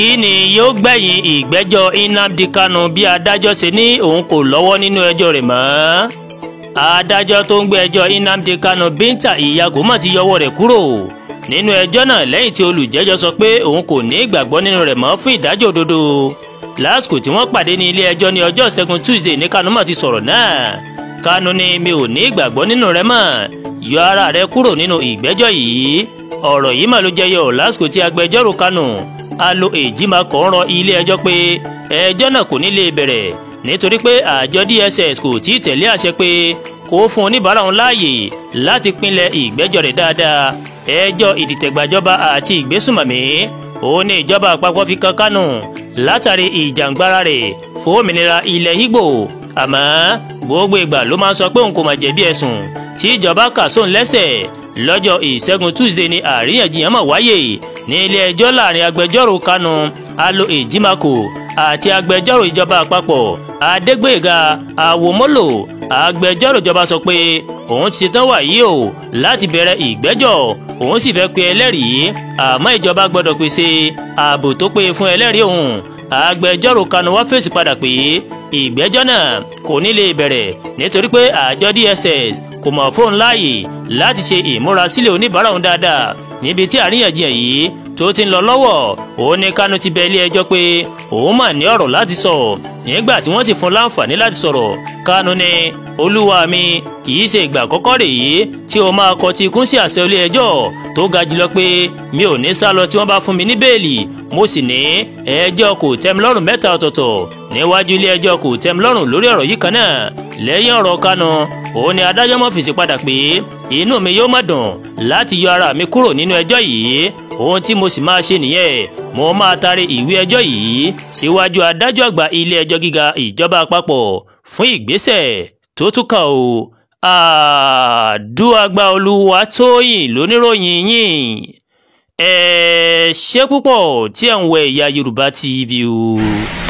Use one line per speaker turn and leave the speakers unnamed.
kíni yóò gbẹ̀yìn ìgbẹ́jọ́ Nnamdi Kanu bí adájọ́ ṣe ní òun kò lọ́wọ́ nínú ẹjọ́ rẹ̀ mọ́ adájọ́ tó ń gbé ẹjọ́ Nnamdi Kanu Binta Iyago mà ti yọwọ́ rẹ̀ kúrò nínú ẹjọ́ náà lẹ́yìn tí olùjẹ́jọ́ sọ pé òun kò ní ìgbàgbọ́ nínú rẹ̀ mọ́ fún ìdájọ́ òdodo lásìkò tí wọ́n pàdé ní ilé ẹjọ́ ní ọjọ́ ìṣẹ́gun Tuesday ní Kanu mà ti sọ̀rọ̀ náà Kanu ni mi ò ní ìgbàgbọ́ nínú rẹ̀ mọ́ yọ ara rẹ̀ kúrò nínú ìgbẹ́jọ́ yìí ọ̀rọ̀ yìí mà ló jẹyọ lásìkò tí agbẹjọ́rò Kanu alo ejimakọ ń rọ ilé-ẹjọ́ pé ẹjọ́ náà kò ní lè bẹ̀rẹ̀ nítorí pé àjọ DSS kò tí ì tẹ̀lé àṣẹ pé kó fún oníbàárà òun láàyè láti pinlẹ̀ ìgbẹ́jọ́ rẹ̀ dáadáa ẹjọ́ ìdìtẹ̀gbàjọba àti ìgbésùmọ̀mí òun ni ìjọba àpapọ̀ fi kan Kánù látàrí ìjàǹgbara rẹ̀ fún òmìnira ilẹ̀ Ìgbò àmọ́ gbogbo ìgbà ló máa ń sọ pé òun kò mà jẹ̀bi ẹ̀sùn tí ìjọba kà sóun lẹ́sẹ̀ lọ́jọ́ ìṣẹ́gun tuesday ni àríyànjiyàn máa wáyé ní ilé ẹjọ́ láàrin agbẹjọ́rò kanu alo ejimako àti agbẹjọ́rò ìjọba àpapọ̀ adégbèga àwòmọ́lò agbẹjọ́rò ìjọba sọ pé òun ti ṣetán wàyí o láti bẹ̀rẹ̀ ìgbẹ́jọ́ òun sì fẹ́ pe ẹlẹ́rìí àmọ́ ìjọba gbọ́dọ̀ pèsè ààbò tó pé fún ẹlẹ́rìí òun agbẹjọ́rò kanu wá fèsì padà pé ìgbẹ́jọ́ náà kò ní lè bẹ̀rẹ̀ nítorí pé àjọ DSS kò mọ̀ fóun láàyè láti ṣe ìmúrasílẹ̀ oníbàárà òun dáadáa níbi tí àríyànjiyàn yìí tó ti ń lọ lọ́wọ́ òun ní Kánú ti bẹ ilé ẹjọ́ pé òun mà ní ọ̀rọ̀ láti sọ nígbà tí wọ́n ti fún láǹfààní láti sọ̀rọ̀ Kánú ní olúwa mi kì í ṣe ìgbà àkọ́kọ́ rèé tí o máa kọ ti kún sí àṣẹ ilé ẹjọ́ tó ga jùlọ pé mi ò ní sá lọ tí wọ́n bá fún mi ní bẹ́ẹ̀lì mo sì ní ẹjọ́ kò tẹ́milọ́rùn mẹ́ta ọ̀tọ̀ọ̀tọ̀ níwájú ilé ẹjọ́ kò tẹ́milọ́rùn lórí ọ̀rọ̀ yìí kan náà lẹ́yìn ọ̀rọ̀ Kánú òun ni adájọ́ mọ́ fèsì padà pé inú mi yóò má dùn láti yọ ara mi kúrò nínú ẹjọ́ yìí ohun tí mo sì máa ṣe nìyẹn mo máa taari ìwé ẹjọ́ yìí síwájú adájọ́ àgbà ilé ẹjọ́ gíga ìjọba àpapọ̀ fún ìgbésẹ̀ tó tún kàn ó àdúràgbà Olúwatóyìn lóníròyìn yìí ẹ ṣé púpọ̀ tí ẹ̀ ń wẹ Ẹ̀yà Yorùbá TV o.